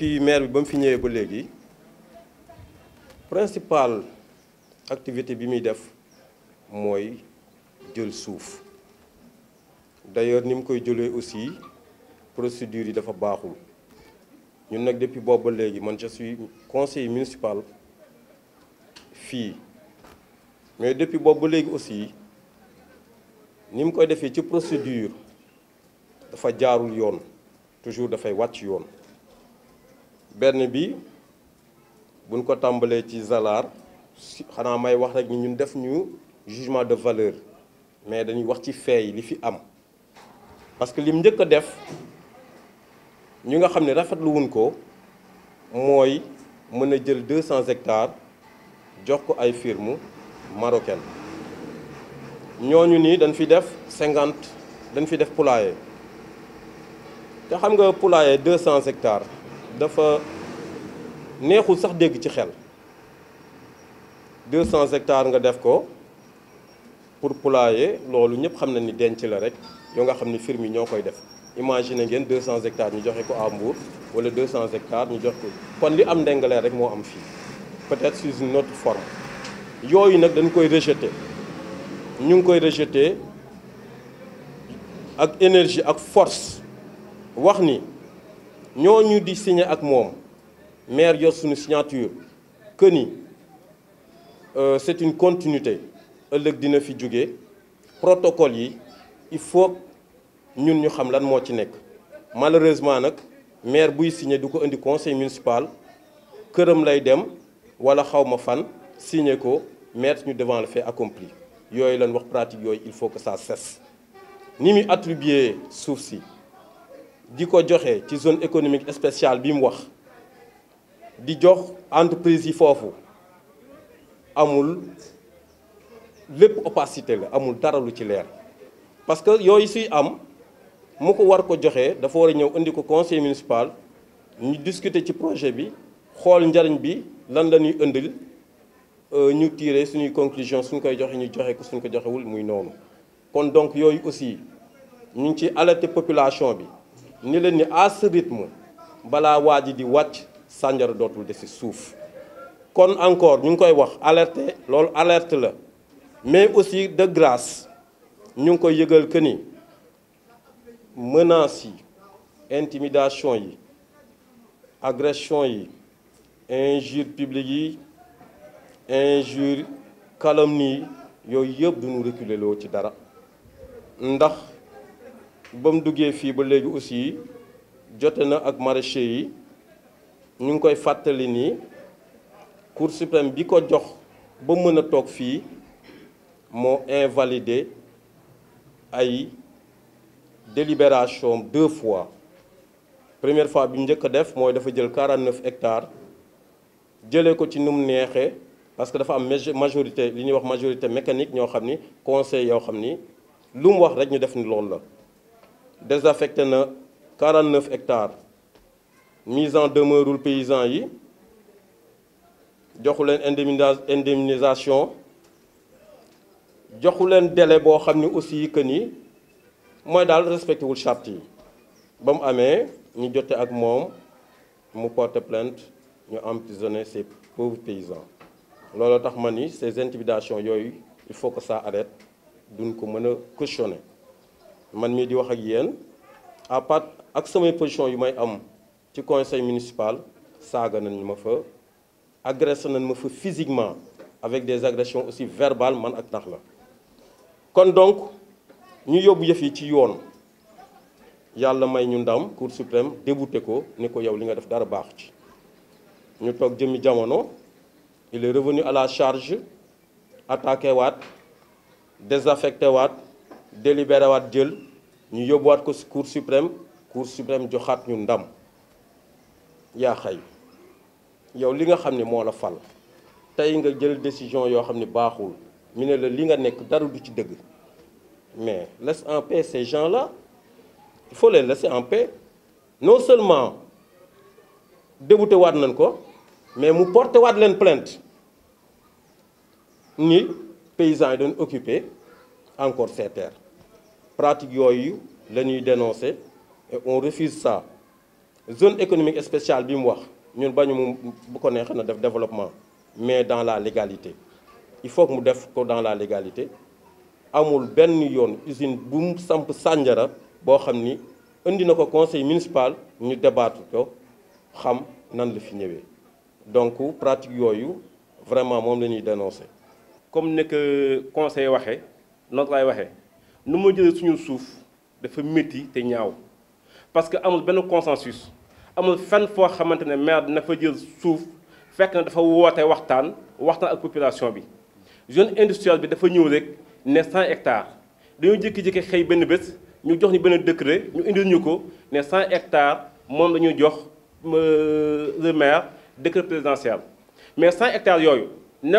depuis maire bi ba mu fi ñëwee ba principal activité bi muy def mooy jël suuf d'ailleurs ni mu koy jëlee aussi procédure yi dafa baaxul ñun nag depuis boobu ba man je suis conseiller municipal fille. mais depuis boobu ba aussi ni mu koy defee ci procédure dafa jaarul yoon toujours dafay wàcc yoon benn bi buñ ko tàmbalee ci Zalaar xanaa may wax rek ni ñun def ñu jugement de valeur mais dañuy wax ci feey li fi am parce que lim njëkk a def ñu nga xam ne rafetlu wuñ ko mooy mën a jël 200 hectares jox ko ay firme marocaine ñooñu nii dañ fi def 50 dañ fi def poulailler te xam nga poulailler 200 hectares dafa neexul ci xel 200 hectares nga def pour poulailler lolou que xam nañ ni la rek nga xam firme 200 hectares ñu joxe ko 200 hectares ñu jox ko kon li am peut-être sous une autre forme nak dañ koy rejeter ñu koy rejeter ak énergie force wax ñooñu di signé ak moom maire yor une signature que ni euh, c'est une continuité Le dina fi jóge protocole yi il faut ñun ñu xam lan moo ci malheureusement nag maire buy signé du ko conseil municipal këram lay dem wala xaw fan signé ko maire ñu devant le fait accompli yooyu lan wax pratique il faut que ça cesse ni muy attribuer souci di ko ci zone économique spéciale bi mu wax di jox entreprise yi amul opacité parce que yoy suy am conseil municipal ñu discuter ci projet bi xol bi lan la ñuy euh, ñu tirer conclusion suñ ñu ko suñ ko donc aussi ñu ci population ni le ni à ce rythme bala waa di wacc sànjara dotul de ci souf kon encore ñu koy wax alerte loolu alerte la mais aussi de grâce ñu koy yeugal que ni menaces intimidation yi agression yi injure publique yi injure calomnie yoy yeb du duñu reculer lo ci dara ndax bam mu fi ba aussi jote ak maraîcher yi ñu ni cour suprême jox a invalidé délibération deux fois première fois bi def 49 hectares jëlé ko ci num parce que dafa majorité li majorité mécanique conseil yo xamni lu mu désaffecté 49 hectares mise en demeure au paysan yi joxu une indemnisation joxu un délai qui est aussi que ni mooy daal respecté le charte Bon amen, mu avec moi nous ak plainte ñu emprisonné ces pauvres paysans que tax ma ni ces intimidations il faut que ça arrête duñ ne mën cautionner man mii di wax ak yéen à part ak samay position yu may am ci conseil municipal saaga nañ ma fa agressé nañ ma fa physiquement avec des agressions aussi verbales man ak nax la kon donc ñu yóbbu yëf yi ci yoon yàlla may ñu ndam cour suprême débouté ko ni ko yow li nga def dara baaxu ci ñu toog jëmmi jamono il est revenu à la charge attaqué waat désaffecté waat délibéré wat nous ñu yóbbuwaat ko cour suprême cour suprême de ñu ndam Y'a xey yow li nga xamni mo la fal tay nga jël décision yo xamni baxul Mine le la li nga nek daru du ci mais laisse en paix ces gens là il faut les laisser en paix non seulement débouté wat nañ ko mais mu porter wat len plainte ni paysans yi occupé encore ces terres les pratiques sont dénoncées dénoncer et on refuse ça zone économique spéciale bi mu wax ñun bañu bu développement mais dans la légalité il faut que nous def dans la légalité amul benn yoon usine bu mu samp Sandiara boo xam ni indi conseil municipal ñu débattre ko xam nan la fi donc les pratiques vraiment dénoncées. Comme le dénoncer. comme ni que conseil waxee dire. Nous ma que suñu suuf dafa ñaaw parce que amul un consensus amul ne maire ne jël suuf fekk dafa de qui ak population bi zone industrielle bi dafa ñëw 100 hectares Nous avons jékki que nous décret 100 hectares euh, le maire décret présidentiel mais 100 hectares ne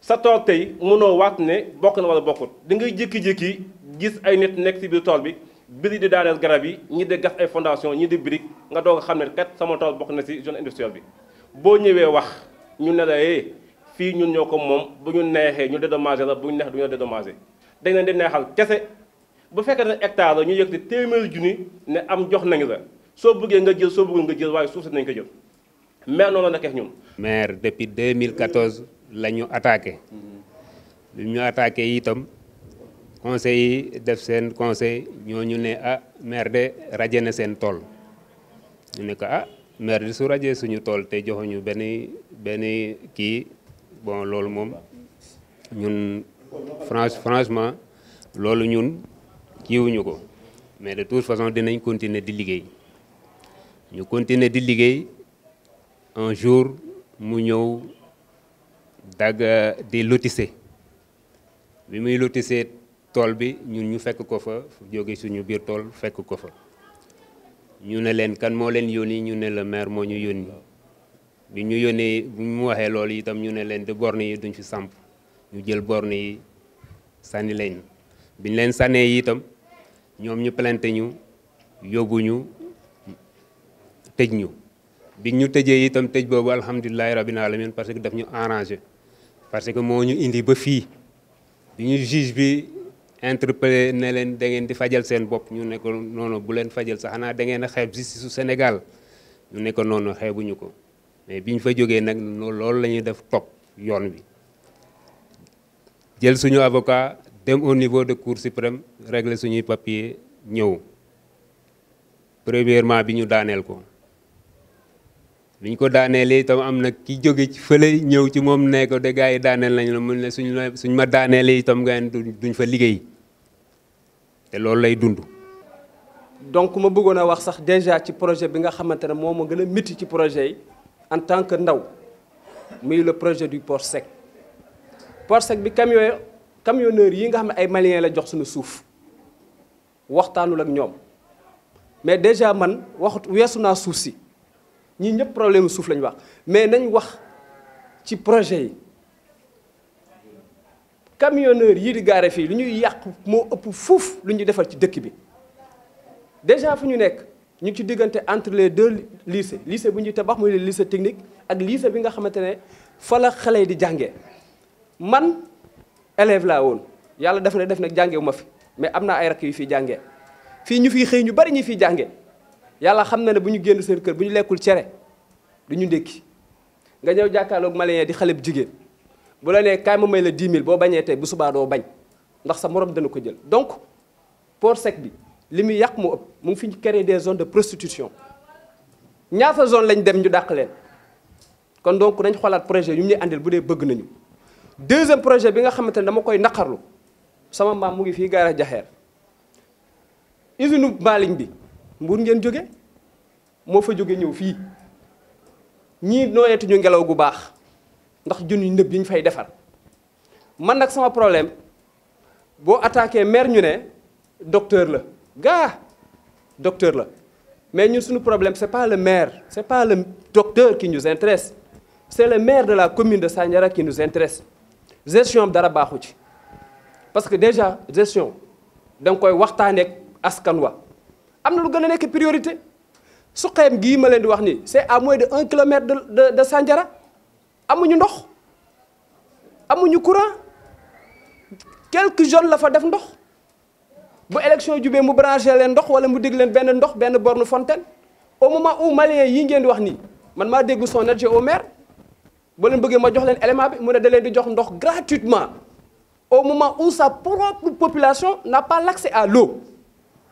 sa tool tey mënoo waat ne bokk na wala bokkut da ngay jékki-jékki gis ay nit nekk ci biir tool bi biri di daaneel garab yi ñi di gas ay fondation ñi di brique nga doog a xam ne kat sama tool bokk na ci zone industrielle bi boo ñëwee wax ñu ne la eh, fii ñun ñoo ko moom bu ñu neexee ñu dédommagé la bu ñu neex du ñu la dédommagé dañ leen di neexal kese bu fekkee ne hectare la ñu yëg te téeméeri junni ne am jox nañu la soo bëggee nga jël soo bëggul nga jël waaye suuf si nañ ko jël maire noonu la nekkee ñun. maire depuis 2014 la attaque. attaqué attaque, itam conseil yi def sen conseil ne ah na sen tol ñu ko ah merde, su suñu bon lolu mom ñun France franchement lolu ñun ko mais de toute façon dinañ continuer di liggéey ñu continuer di un jour mu daga euh, di lotissé bi muy lotissé tool bi ñun ñu fekk ko fa jóge suñu biir tool fekk ko fa ñu ne leen kan moo leen yónni ñu ne la maire moo ñu yónni bi ñu yónnee bu mu waxee lool itam ñu ne leen de borne yi duñ fi samp ñu jël borne yi sànni leen biñ leen sànnee itam ñoom ñu plainte ñu yóbbu ñu tëj ñu biñ ñu tëjee itam tëj boobu alhamdulilahi rabbil alamin parce que daf ñu arrangé parce que moo ñu indi ba fi bi juge bi interpellé ne leen da ngeen di fajal seen bop ñu ne ko noonu bu len fajal sax xanaa da ngeen a xeeb justice su Sénégal ñu ne ko noonu xeebuñu ko mais biñ fa joggé nak lool lañuy def top yoon bi jël suñu avocat dem au niveau de cour suprême régler suñu papier ñew premièrement biñu daanel ko li ñu ko daaneelee itam am na ki jóge ci fële ñëw ci moom ne ko yi daaneel nañu la mu ne suñ ma suñ ma daaneelee itam nga duñ fa liggéey te loolu lay dund. donc ma bëggoon a wax sax déjà ci projet bi nga xamante ne moo ma gën a métti ci projet yi en tant que ndaw muy le projet du port sec port sec bi camion camionneurs yi nga xam ne ay maliens la jox suñu suuf waxtaanul ak ñoom mais déjà man waxut weesu naa suuf si. ñii ñëpp problème suuf lañ wax mais nañ wax ci projet yi camionneur yii di garé fi lu ñuy yàq moo ëpp fuuf lu ñuy defal ci dëkk bi déjà fu ñu nekk ñu ci diggante entre les deux lycées lycée bu ñuy tabax muy le lycée technique ak lycée bi nga xamante ne fa la xale di jàngee man élève laa woon yàlla def na def nag jàngewu ma fi mais am naa ay rakk yu fi jàngee fii ñu fi xëy ñu bari ñu fi jàngee yàlla xam na ne bu ñu génn seen kër bu ñu lekkul cere du ñu ndékki nga ñëw jàkkaarloog malien di xale bu jigéen bu la nee kaay ma may la 10 000 boo bañee tey bu subaa doo bañ ndax sa morom dana ko jël donc pour sec bi li muy yàq mu ëpp mu fi ñu créer des zones de prostitution ñaata zone lañ dem ñu dàq leen kon donc nañ xoolaat projet yu ñu àndil bu dee bëgg nañu deuxième projet bi nga xamante ne dama koy naqarlu sama maam mu ngi fii gaara jaxeer usine bi mbur ngeen jóge mo fa jóge ñëw fii ñii ñu ngelaw gu bax ndax junni ndëb yi ñu fay défar man nak sama problème bo le maire ñu né docteur la ga docteur la mais ñun suñu problème c'est pas le maire c'est pas le docteur qui nous intéresse c'est le maire de la commune de Sanyara qui nous intéresse gestion am dara baaxu ci parce que déjà gestion da nga koy waxtane askan wa amna lu gëna nek priorité su suqeem gi ma leen di wax ni c'est à moins de 1 km de de de Sandiara amuñu ndox amuñu courant quelques jeunes la fa def ndox bu élection jubé mu brancher leen ndox wala mu dig leen ben ndox ben borne fontaine au moment où malien yi ngeen di wax ni man ma dégg son adjoint au maire bo leen bëggee ma jox leen élément bi mu ne da leen di jox ndox gratuitement au moment où sa propre population n'a pas l'accès à l'eau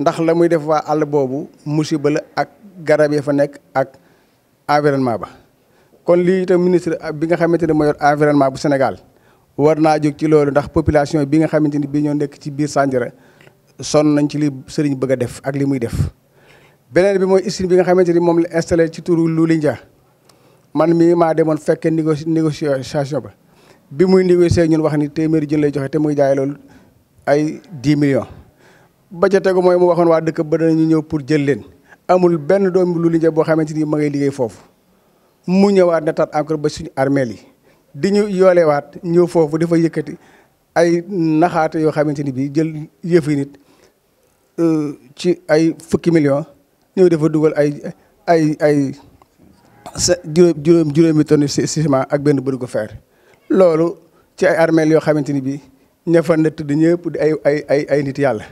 ndax la muy def waa àll boobu musiba la ak garab yi fa nekk ak environnement ba kon lii itam ministre bi nga xamante ne mooy yor environnement bu Sénégal war naa jóg ci loolu ndax population bi nga xamante ni bii ñoo nekk ci biir Sandiara sonn nañ ci li sëriñ bëgg def ak li muy def. beneen bi mooy usine bi nga xamante ni moom la installé ci turu Loulindia man mii maa demoon fekkee négoci négociation ba bi muy négocier ñun wax ni téeméeri jën lay joxe te muy jaay loolu ay 10 million ba ca tegu mooy mu waxoon waa dëkk ba danañu ñëw pour jël leen amul benn doom lu liggéey boo xamante ni ma ngay liggéey foofu mu ñëwaat na taat encore ba suñu armeel yi di ñu yoolewaat ñëw foofu dafa yëkkati ay naxaate yoo xamante ni bii jël yëfi nit euh, ci ay fukki millions ñëw dafa dugal ay ay ay juróom juróomi tonne ciment ak benn bërigo fer loolu ci ay yoo xamante ni bii ña fa na tëdd ay ay ay ay nit yàlla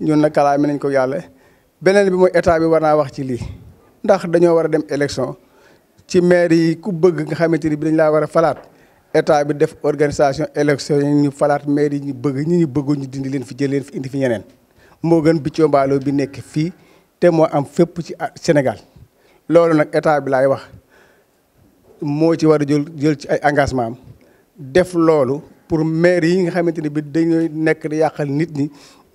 ñun nag kalaame nañ ko yàlla beneen bi mooy état bi war naa wax ci lii ndax dañoo war a dem élection ci maire yi ku bëgg nga xamante ni bi dañ laa war a falaat état bi def organisation élection yi ñu falaat maire yi ñu bëgg ñi ñu bëggu ñu dindi leen fi jël fi indi fi ñeneen moo gën biccoo mbaaloo bi nekk fii te moo am fépp ci Sénégal loolu nag état bi laay wax moo ci war a jël jël ci ay engagement am loolu pour maire yi nga xamante ne bi dañuy nekk di yàqal nit ñi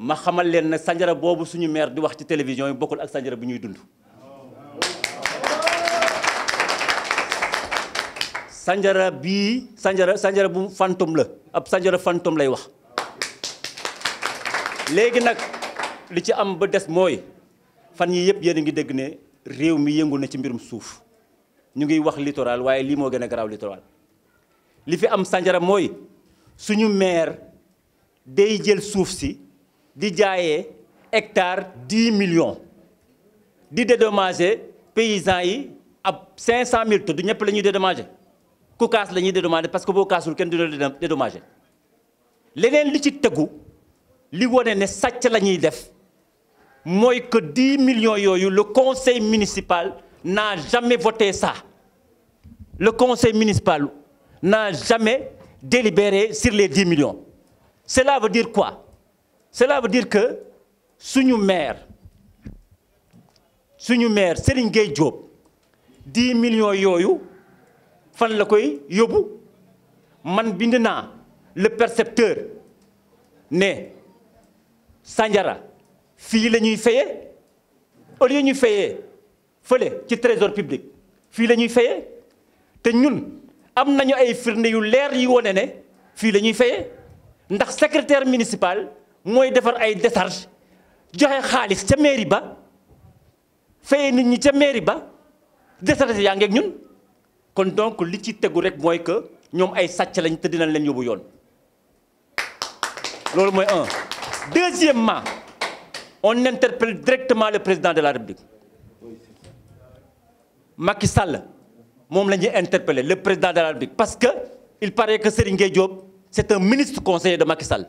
ma xamal leen ne sanjara boobu suñu maire di wax ci télévision yi bokkul ak sanjara bi ñuy dund sànjara bi sànjara sànjara bu fantoom la ab sanjara fantoom lay wax léegi nag li ci am ba des mooy fan yii yëpp yéen a ngi dégg ne réew mi yëngu na ci mbirum suuf ñu ngi wax littoral waaye lii moo gën a garaaw littoral li fi am sànjara mooy suñu maire day jël suuf si di hectare 10 millions di paysans yi ab cinq cent mille Tout la parce que boo kaasul la li wone ne la que 10 millions le conseil municipal n'a jamais voté ça le conseil municipal n'a jamais délibéré sur les 10 millions cela veut dire quoi cela veut dire que suñu maire suñu maire Serigne Gueye Diop 10 millions de fan la koy man bind le percepteur ne Sandiara fii le fait, au lieu ñuy trésor public nous la ñuy ñun yu yi secrétaire municipal moy defar ay décharge joxe xaalis ca mairie ba fay nit ñi ca mairie ba décharge ya ngeeg ñun kon donc li ci teggu rek moy que ñom ay sàcc lañ te dinañ leen yobu yoon lolu moy 1 deuxièmement on interpelle directement le président de la République Macky Sall moom la interpeller le président de la République parce que il paraît que Serigne Diop c'est un ministre conseiller de Macky Sall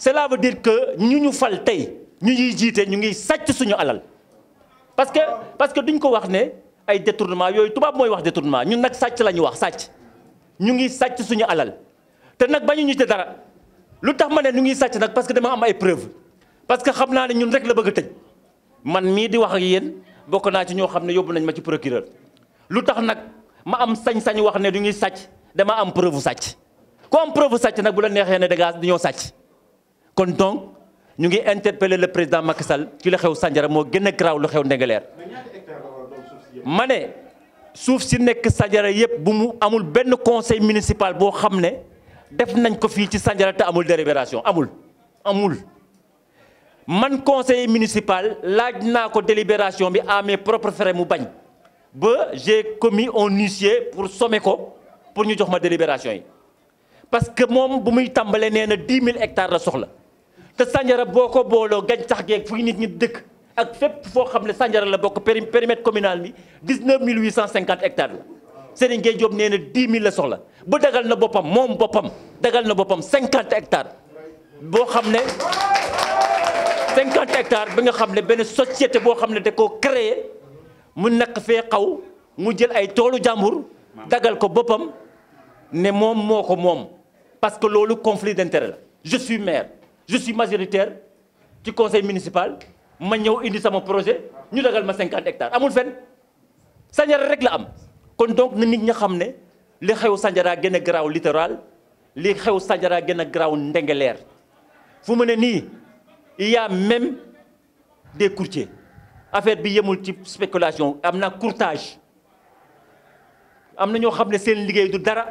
cela veut dire que ñu ñu fal tey ñu ñuy jiite ñu ngi sàcc suñu alal parce que parce que duñ ko wax ne ay détournement yooyu tubaab mooy wax détournement ñun nag sàcc la ñu wax sàcc ñu ngi sàcc suñu alal te nag bañu ñu te dara lu tax ma ne ñu ngi sàcc nag parce que dama am ay preuve parce que xam naa ne ñun rek la bëgg a man mi di wax ak yéen bokk na ci ñoo xam ne nañ ma ci procureur lutax nak ma am sañ-sañ wax ne du ñuy sàcc dama am preuve sacc ku am preuve sàcc nag bu la nexé ne dégas ngaa dañoo sàcc kon donc ñu ngi interpeller le président Macky Sall ci la xew Sandiara moo gën a garaaw lu xew Ndengeleer ma ne suuf si nekk Sandiara yëpp bu mu amul benn conseil municipal bo xamné def nañ ko fi ci Sandiara te amul délibération amul amul man conseil municipal laj naa ko délibération bi à mes propres frais mu bañ ba j'ai commis un huissier pour sommer ko pour ñu jox ma délibération yi parce que moom bu muy tambalé nee na 10 000 hectares la soxla te boko bolo ko booloo gàncax fu nit ñi dëkk ak fepp fo xam ne la bokk périmètre communal bi 19850 hectares la Serigne Gueye Diop néna 10000 la soxla bu dagal na bopam mom bopam dagal na bopam 50 hectares bo xam 50 hectares bi nga xam ben société bo xam ne da koo créé mu nakk fe xaw mu jël ay tolu jambour dagal ko bopam ne mom moko mom parce que lolu conflit d'intérêt la je suis maire je suis majoritaire ci conseil municipal ma ñëw indi sama projet ñu dagal ma 50 hectares amul fenn Sandiara rek la am kon donc na nit ña xam ne li xew Sandiara gën a garaaw littoral li xew Sandiara gën a garaaw Ndengeleer fu mu il y a même des courtiers affaire bi yemul ci spéculation am courtage am na ñoo xam ne seen liggéey du dara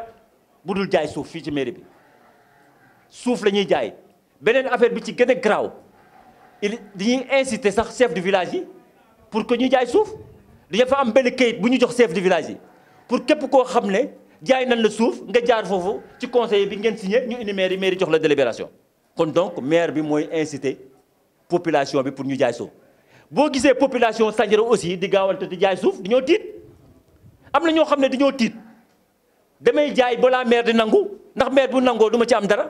bu dul jaay suuf fii ci mairie bi suuf la ñuy jaay benen affaire bi ci gën graw il dañuy inciter sax chef de village yi pour que ñu jaay souf suuf fa am benn kayit bu ñu jox chef de village yi pour képp koo xam ne jaay nañ la suuf nga jaar foofu ci conseil bi ngeen signé ñu indi maire yi maire jox la délibération. kon donc maire bi mooy inciter population bi pour ñu jaay suuf boo gisee population Sandiara aussi di gaawante di jaay suuf dañoo tiit am na ñoo xam ne dañoo tiit damay jaay balaa maire di nangu ndax maire bu nangoo du ma ci am dara.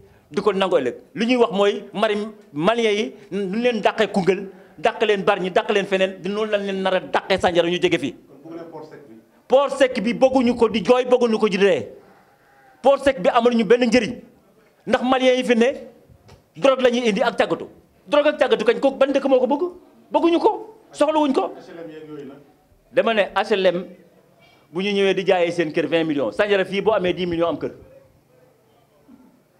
di ko nangoo ëllëg lu ñuy wax mooy mari malien yi nu leen dàqee Koungheul dàq leen ñi dàq leen feneen di noonu lañ leen nar a dàqee ñu jege fii poor sekk bi bëgguñu ko di jooy bëgguñu ko di ree port sec bi amal ñu benn njëriñ ndax malien yi fi ne drogue la ñuy indi ak tàggatu drogue ak tàggatu kañ ko ban dëkk moo ko bëgg bëgguñu ko soxlawuñ ko dama ne HLM bu ñu ñëwee di jaayee seen kër 20 millions Sandiara fii boo amee 10 million am kër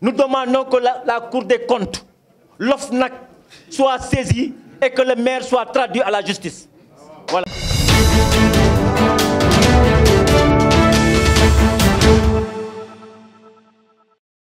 Nous demandons que la, Cour des comptes, l'OFNAC, soit saisie et que le maire soit traduit à la justice. Voilà.